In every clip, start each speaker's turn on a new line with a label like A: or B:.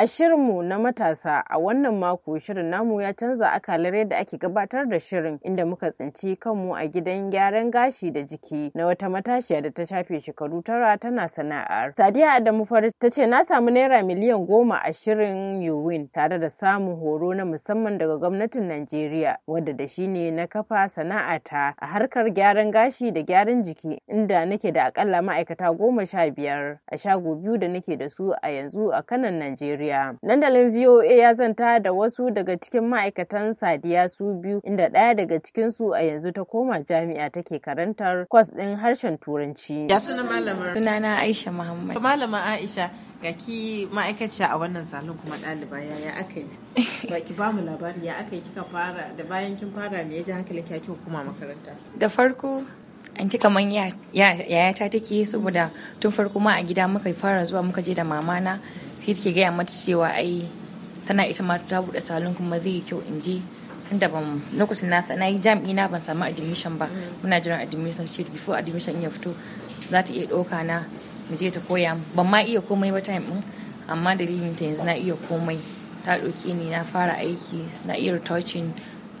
A: A shirinmu na matasa a wannan mako shirin namu ya canza akalar yadda ake gabatar da shirin inda muka tsinci kanmu a gidan gyaran gashi da jiki na wata matashiya da ta shafe shekaru tara tana sana'ar. Sadiya Adamu Faris ta ce na samu naira miliyan goma a shirin Yuwin tare da samun horo na musamman daga gwamnatin Najeriya wadda da shi ne na kafa sana'ata a harkar gyaran gashi da gyaran jiki inda nake da akalla ma'aikata goma sha biyar a shago biyu da nake da su a yanzu a kanan Najeriya. Najeriya. Dandalin VOA ya zanta da wasu daga cikin ma'aikatan Sadiya su biyu inda ɗaya daga cikin su a yanzu ta koma jami'a take karantar kwas ɗin harshen Turanci. Ya suna malamar? Sunana Aisha Muhammad. Malama Aisha, ga ki ma'aikaciya a wannan salon kuma ɗaliba ya aka yi ba ki ba mu labari ya aka yi kika fara da bayan kin fara me ya ji hankalin kya kuma makaranta
B: da farko an ci kaman yayata take saboda tun farko ma a gida muka fara zuwa muka je da mamana sai take gaya mata cewa ai tana ita ma ta bude salon kuma zai yi kyau in je tunda ban lokacin na na yi na ban samu admission ba muna jiran admission ce before admission ya fito za ta iya ɗauka na mu je ta koya ban ma iya komai ba time din amma dalilin ta yanzu na iya komai ta ɗauke ni na fara aiki na iya touching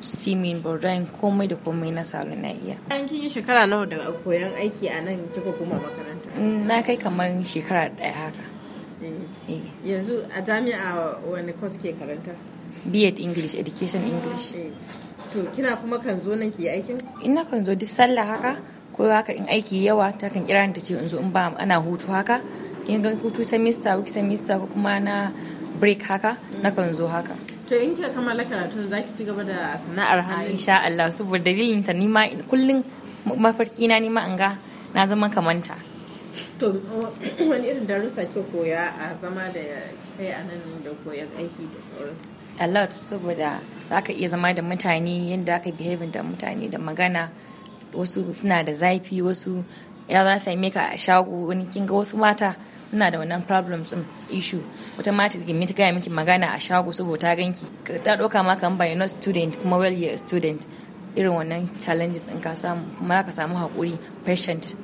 B: steaming burden komai da komai na salo na iya
A: an kin yi shekara nawa da koyan aiki a nan kika koma makaranta
B: mm, na kai kamar shekara daya haka eh. Eh.
A: yanzu a jami'a wani kwas ke karanta
B: B.Ed English Education ah, English
A: eh. to kina
B: kuma kan zo nan ki yi aikin ina kan zo duk sallah haka ko haka in aiki yawa ta kan kira ta ce in zo in ba ana hutu haka In ga hutu semester week semester ko kuma na break haka na kan zo haka to in kika kammala karatu za ki ci gaba da sana'ar hannu insha Allah saboda dalilin ta nima kullum mafarki na nima an ga na zama kamanta
A: to wani irin darussa ke koya a zama da kai a nan da koyan aiki da sauransu
B: a saboda za ka iya zama da mutane yadda aka behaving da mutane da magana wasu suna da zafi wasu ya za su yi meka a shago wani kinga wasu mata ina da wannan problems din issue wata ma gimi ta gaya miki magana a shago saboda ta ganki ta ɗauka ma kan bayan not student kuma well year student irin wannan challenges in ka samu kuma ka samu haƙuri patient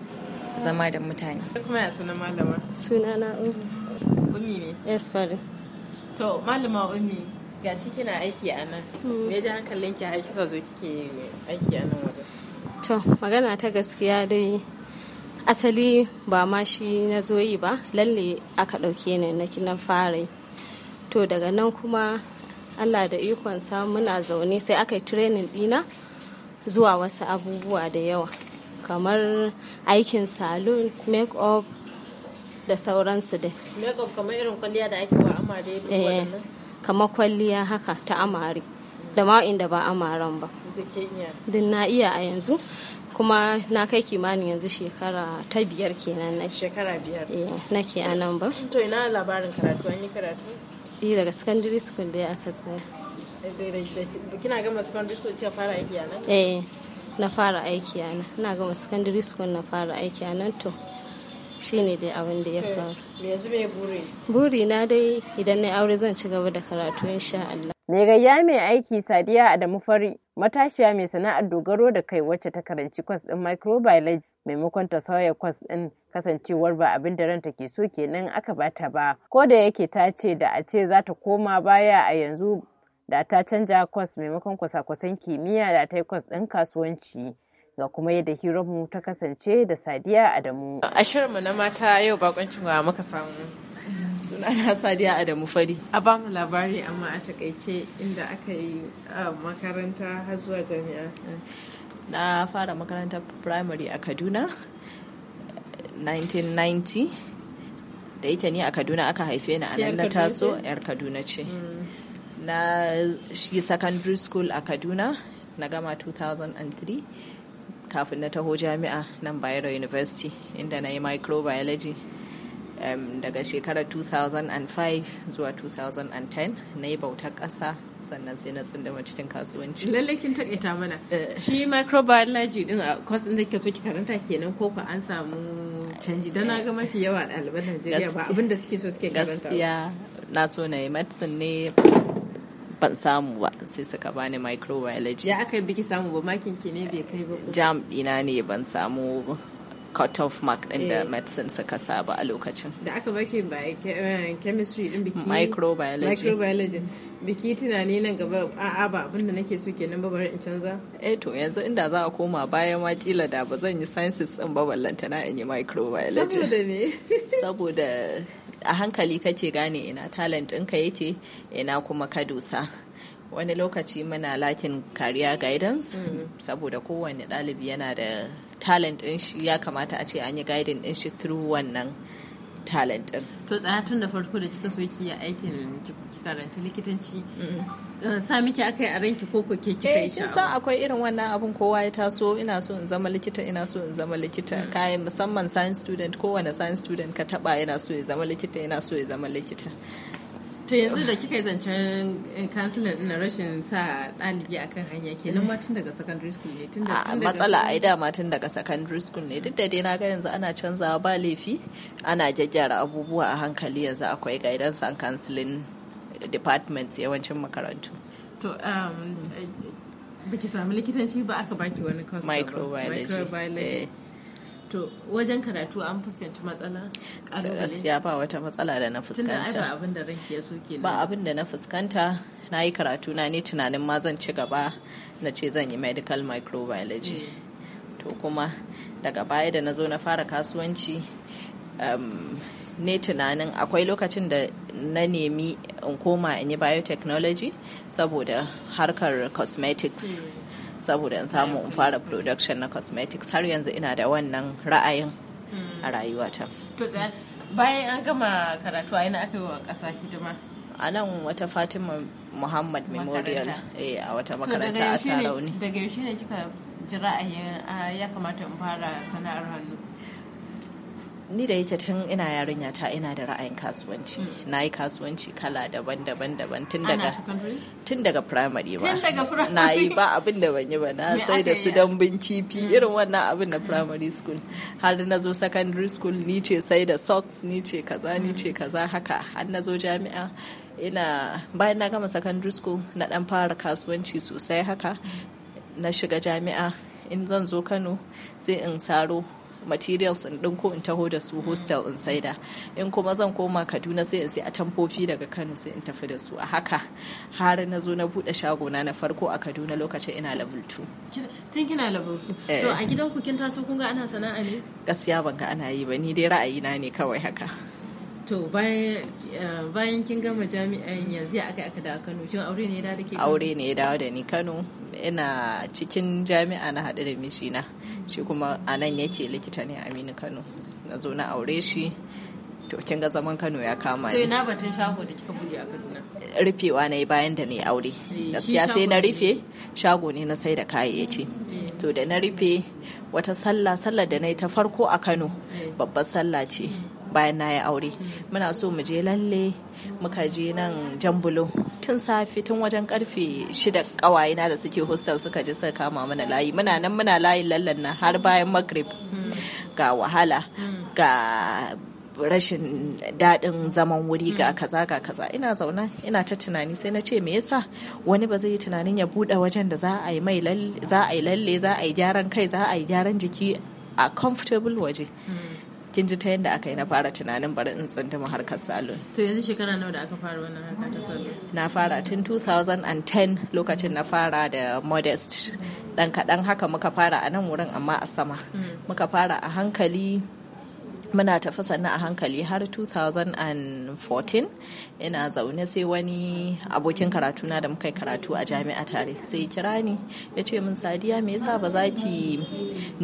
B: zama da mutane
C: kuma ya suna malama suna na ummi ne yes fari
A: to malama ummi ga shi kina aiki a nan mm. me ji hankalinki har kika zo kike
C: aiki a nan wajen to magana ta gaskiya dai asali ba ma shi na zoyi yi ba lalle aka ɗauke ni na kinan fara to daga nan kuma allah da ikonsa muna zaune sai aka yi training dina zuwa wasu abubuwa da yawa kamar aikin salon make-up da sauransu dai
A: make-up kamar irin kwalliya da ake wa amare eh,
C: kamar kwalliya haka ta amare da ma inda ba amaren ba
A: duk
C: na iya a yanzu kuma na kai kimanin yanzu shekara ta biyar kenan na shekara biyar eh, nake a nan ba
A: to ina labarin karatu an yi karatu
C: eh daga secondary school da aka tsaya
A: eh, kina gama secondary school kika fara aiki a nan eh
C: na fara aiki a nan ina gama secondary school na fara aiki a nan to shine dai abin da ya faru yanzu me buri buri na dai idan na aure zan ci gaba da karatu insha Allah
A: Mai gayya mai aiki Sadiya Adamu Fari matashiya mai sana'ar dogaro da kai wacce ta karanci kwas ɗin microbiology maimakon ta sauya kwas ɗin kasancewar ba abin da ranta ke so kenan aka bata ba ko da yake ta ce da a ce za ta koma baya a yanzu da ta canja kwas maimakon kwasa-kwasan kimiyya da ta yi kwas ɗin kasuwanci ga kuma yadda hirarmu ta kasance da sadiya adamu a shirinmu na mata yau bakoncin wa muka samu sunana sadiya adamu fari a ba mu labari amma a takaice inda aka yi makaranta har zuwa jami'a
D: na fara makaranta primary a kaduna 1990 da yake ni a kaduna aka haife ni a nan na taso yar kaduna ce mm. na shi secondary school a kaduna na gama 2003 kafin na taho jami'a nan bayero university inda na yi microbiology um, daga shekarar 2005 zuwa 2010 na yi bautar ƙasa sannan sai na tsindama cikin kasuwanci. Lallai kin taƙaita mana. Eh, shi microbiology din a kwas ɗin da ke so ki
A: karanta kenan ko ku an samu
D: canji don na ga mafi yawa a ɗaliban Najeriya ba abin da
A: suke so suke karanta. Gaskiya
D: na so na yi medicine ne ban samu ba sai suka bani microbiology. Ya aka yi biki samu ba makin ki ne bai kai ba. Jam ɗina ne ban samu cut-off mark din da eh. medicine suka saba a lokacin
A: da aka baki by eh, chemistry din biki microbiology microbiology biki tunani nan gaba a ba abinda nake so kenan ba bari in canza
D: eh to yanzu inda za a koma baya ma kila da ba zan yi sciences din ba ballanta na in yi microbiology saboda ne saboda a hankali kake gane ina talent ɗinka yake ina kuma ka dusa. wani lokaci muna lakin kariya guidance mm. saboda kowane ɗalibi yana da talent din shi ya kamata a ce an yi guiding din shi through wannan talent din to tsaya tun da farko da kika so ki yi aikin
A: ki karanci likitanci mm-hmm.
D: eh, sa miki aka yi a ranki ko ko ke kika yi eh, sha'awa. kin san akwai irin wannan abun kowa ya taso ina so in zama likita ina so in zama likita mm. kayan musamman science student kowane science student ka taba yana so ya zama likita yana so ya zama likita to yanzu da
A: kika zancen kansilan eh, na rashin sa ɗalibi kan hanya ke nan tun daga secondary school ne tun da matsala ai dama
D: tun daga secondary school ne duk da dai na ga yanzu ana canzawa ba laifi ana gyaggyara abubuwa a hankali yanzu akwai guidance and counseling departments yawancin makarantu
A: to um, eh, biki sami likitanci ba aka baki wani kansu microbiology eh. to wajen karatu an fuskanci matsala gaskiya
D: ba wata matsala da na fuskanta ba abin da ranki ya so ba abin da na fuskanta na yi karatu na ne tunanin ma zan ci gaba na ce zan yi medical microbiology mm. to kuma daga baya da na zo na fara kasuwanci um, ne tunanin akwai lokacin da na nemi in koma in yi biotechnology saboda harkar cosmetics mm. saboda in samu in fara production na cosmetics har yanzu ina da wannan ra'ayin a rayuwata
A: bayan an gama karatu a ina aka yi wa ƙasa hidima
D: a nan wata fatima muhammad memorial eh, a wata makaranta a tarauni daga
A: yaushe ne kika ji ra'ayin ya kamata in fara sana'ar hannu
D: ni da yake tun ina yarinya ta ina da ra'ayin kasuwanci hmm. na yi kasuwanci kala daban-daban daban tun daga tun daga primary ba na yi ba abin da ban yi ba na sai da su dambin kifi hmm. irin wannan abin da primary school har na zo secondary school ni ce sai da socks ni ce kaza ni hmm. ce kaza haka har na zo jami'a ina bayan na gama secondary school na dan fara kasuwanci sosai haka na shiga jami'a in zan zo kano sai in saro materials in din ko in taho da su hostel in saida in kuma zan koma kaduna sai in sai a tamfofi daga kano sai in tafi da su a haka har na zo na bude shagona na farko a kaduna lokacin ina level 2
A: tun kina level 2 eh. to a gidan ku kin taso kun ga ana sana'a ne
D: gaskiya ban ga ana yi ba ni dai ra'ayina ne kawai haka to bayan eh, kin gama jami'an yanzu aka aka da Kano kin aure ne ya dawo da ke aure ne ya dawo da ni Kano ina cikin jami'a na hadu da mishina shi kuma a nan yake likita ne aminu kano na zo na aure shi to kin ga zaman Kano ya kama ni.
A: To
D: Rufewa na yi bayan da na aure. Eh, Gaskiya sai na rufe shago ne na sai da kayayyaki. Eh. To da na rufe wata sallah sallah da na yi ta farko a Kano eh. babbar sallah ce. bayan na yi aure muna so mu je lalle muka je nan jambulo tun safe tun wajen karfe shida na da suke hostel suka je suka kama mana layi muna nan muna layin lallan nan har bayan magrib ga wahala ga rashin daɗin zaman wuri ga kaza ga kaza ina zauna ina ta tunani sai na ce me yasa wani ba zai yi tunanin ya buɗe wajen da za a yi mai lalle za a yi lalle za a yi gyaran kai za a yi gyaran jiki a comfortable waje mm. kin ji ta yadda aka yi na fara tunanin bari in tsinduma harkar salon
A: to yanzu shekara nawa da aka fara wannan harkar ta salon
D: na fara tun 2010 lokacin na fara da modest dan kaɗan haka muka fara a nan wurin amma a sama mm. muka fara a hankali muna tafi sannan a hankali har 2014 ina zaune sai wani abokin karatu, na da muka yi karatu a jami'a tare sai kira ni ya ce min sadiya me yasa ba za ki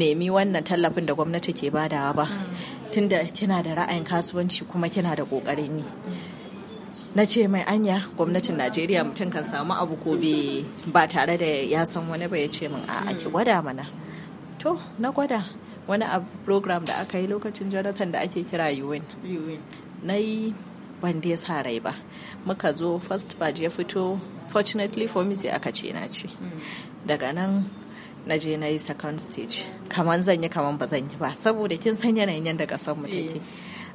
D: nemi wannan tallafin da gwamnati ke badawa ba mm. tunda kina da ra'ayin kasuwanci kuma kina da kokarin yi na ce mai anya gwamnatin najeriya mutum kan samu abu ko ba tare da ya san wani ba ya ce min a ki mm. gwada mana to na gwada wani a program da aka yi lokacin jonathan da ake kira un na yi ban sa rai ba muka zo first ba ya fito fortunately for me sai aka ce na ce mm. daga nan na je na yi second stage kaman zan yi kaman ba zan yi ba saboda kin san yanayin yadda kasan mu take eh.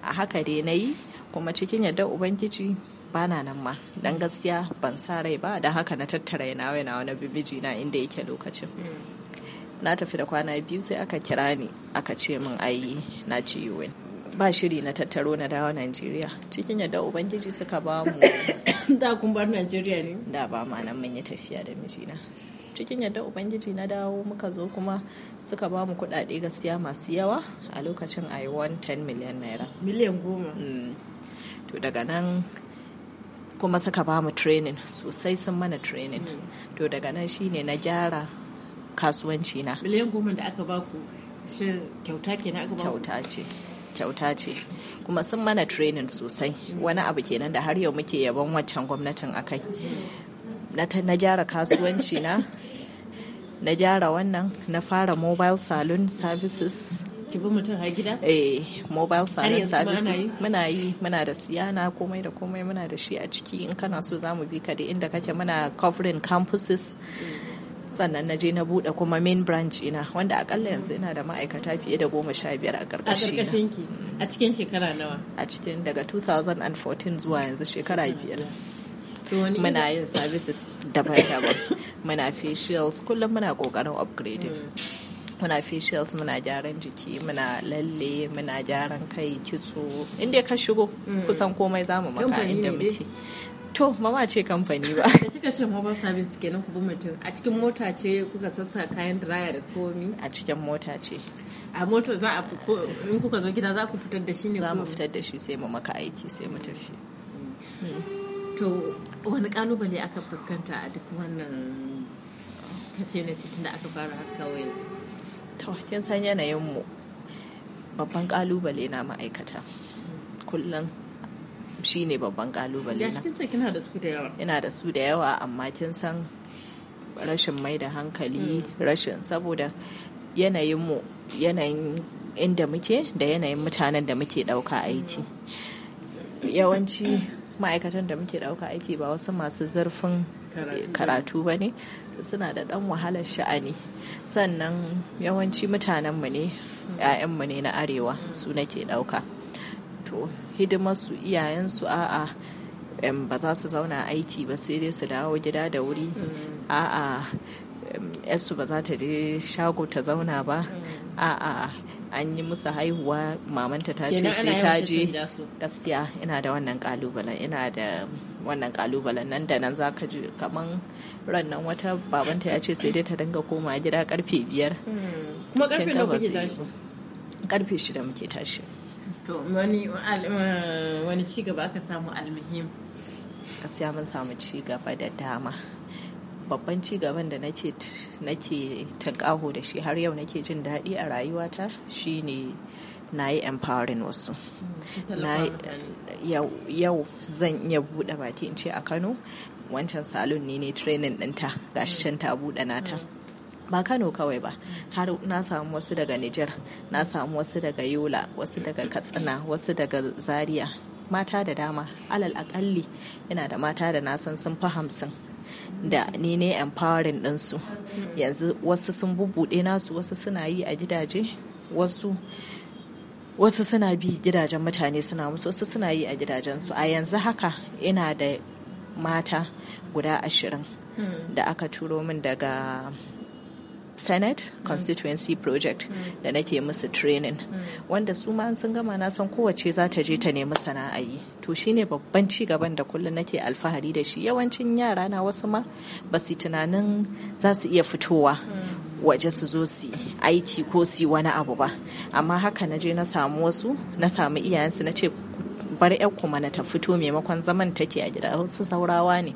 D: a haka dai na yi kuma cikin yadda ubangiji bana nan ma dan gaskiya ban sa rai ba da haka na tattara yana wani wani bibiji na inda yake lokacin hmm. na tafi da kwana biyu sai aka kira ni aka ce min ayi na ci UN ba shiri na tattaro na dawo Najeriya cikin yadda ubangiji suka ba mu da kun bar Najeriya ne da ba ma nan mun yi tafiya da mijina cikin yadda ubangiji na dawo muka zo kuma suka ba mu kudade gaskiya masu yawa a lokacin a yi 10 miliyan naira miliyan goma mm. to daga nan kuma suka ba mu training sosai sun mana training mm. to daga nan shine na gyara kasuwanci na miliyan goma da aka ba ku kyauta ke na aka ba kyauta ce kyauta ce kuma sun mana training sosai wani abu kenan da har yau muke yabon waccan gwamnatin akai mm. na gyara kasuwanci na na gyara wannan na fara mobile salon services ki bi mutum har gida? Eh, mobile salon services muna yi muna da siyana komai da komai muna da shi a ciki in kana so zamu bi ka da inda kake muna covering campuses sannan na je na bude kuma main branch ina wanda akalla yanzu ina da ma'aikata fiye da goma sha biyar a ƙarƙashin ki a cikin shekara nawa a cikin daga 2014 zuwa yanzu shekara biyar muna yin services daban-daban muna facials kullum muna kokarin upgrading hmm. muna facials muna gyaran jiki muna lalle muna gyaran kai kitso inda ka shigo hmm. kusan komai zamu maka inda muke to mama ce kamfani ba
A: da kika ce mobile service kenan ku mutum a cikin mota ce kuka sassa
D: kayan dryer da komi a cikin mota ce a mota za a in kuka zo gida za ku fitar da shi ne za mu fitar da shi sai mu maka aiki sai mu tafi hmm. to
A: wani kalubale aka fuskanta a duk wannan kace na titin da aka fara har kawai
D: kin san yanayin babban kalubale na ma'aikata kullum shi ne babban kalubale na kina da su da yawa ina da su da yawa amma kin san rashin mai da hankali hmm. rashin saboda yanayin yanayin inda muke da yanayin mutanen da muke ɗauka aiki yawanci ma'aikatan da muke ɗauka aiki ba wasu masu zurfin karatu ba ne suna da ɗan wahalar sha'ani sannan yawanci mutanenmu ne 'ya'yanmu ne na arewa su nake ɗauka to hidimarsu iyayensu a'a ba za su zauna aiki ba sai dai su dawo gida da wuri mm. a'a yarsu ba za ta je shago ta zauna ba mm. a'a an yi musu haihuwa mamanta ta ce sai ta je gaskiya ina da wannan kalubalen ina da wannan kalubalen nan da nan za ka ji kaman ran nan wata babanta ya ce sai dai ta dinga koma gida karfe biyar hmm.
A: kuma karfe nawa kuke tashi
D: karfe shida muke tashi to wani wani ci gaba ka samu almuhim gaskiya mun samu ci gaba da dama babban ci gaban da nake nake da shi har yau nake jin daɗi a rayuwata shine na yi empowering wasu hmm, yau zan iya buɗe baki in ce a kano wancan salon ne ne training ɗinta shi can ta buɗe nata hmm. ba kano kawai ba hmm. har na samu wasu daga nijar na samu wasu daga yola wasu daga katsina wasu daga zaria mata da dama alal akalli yana da mata da na san sun fi hamsin da ni ne empowering ɗinsu yanzu wasu sun bubuɗe nasu wasu suna yi a gidaje wasu wasu suna bi gidajen mutane suna musu wasu suna yi a gidajensu a yanzu haka ina da mata guda ashirin hmm. da aka turo min daga senate constituency project da nake musu training wanda su ma sun gama na san kowace za ta je ta nemi sana'a yi to shine babban ci gaban da kullum nake alfahari da shi yawancin yara na wasu ma ba su tunanin za su iya fitowa waje su zo su aiki ko su wani abu ba amma haka na je na samu wasu na samu iyayensu na ce bar 'yan kuma na ta fito maimakon zaman take a gida su saurawa ne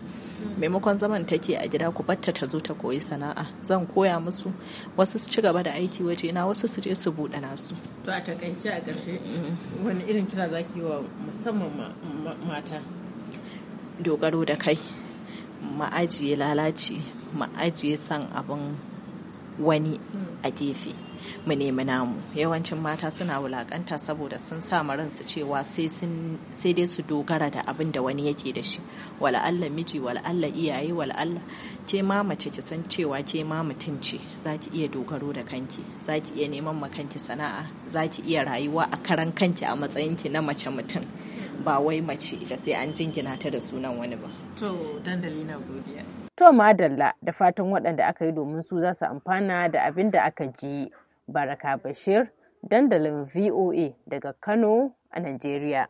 D: maimakon zaman take a gida ku batta ta zo ta koyi sana'a zan koya musu wasu su ci gaba da aiki waje na wasu su je su buɗe nasu
A: to a takaice a ƙarshe mm-hmm. wani irin kira zaki wa musamman mata
D: dogaro da kai ma'ajiye lalaci ma'ajiye san abin wani a mm. gefe mu nemi namu yawancin mata suna wulakanta saboda sun sa ransu cewa sai dai su dogara da abin da wani yake da shi wal'alla miji wal'alla iyaye wal'alla ke ma mace ki san cewa ke ma mutum ce za ki iya dogaro da kanki za ki iya neman makanki sana'a za ki iya rayuwa a karan kanki a matsayinki na mace mutum ba wai mace da sai an jingina ta da sunan wani ba.
A: To dandali na godiya.
D: To madalla da fatan waɗanda aka yi domin su za su amfana
A: da abin da aka ji. Baraka Bashir, dandalin VOA daga Kano a Najeriya.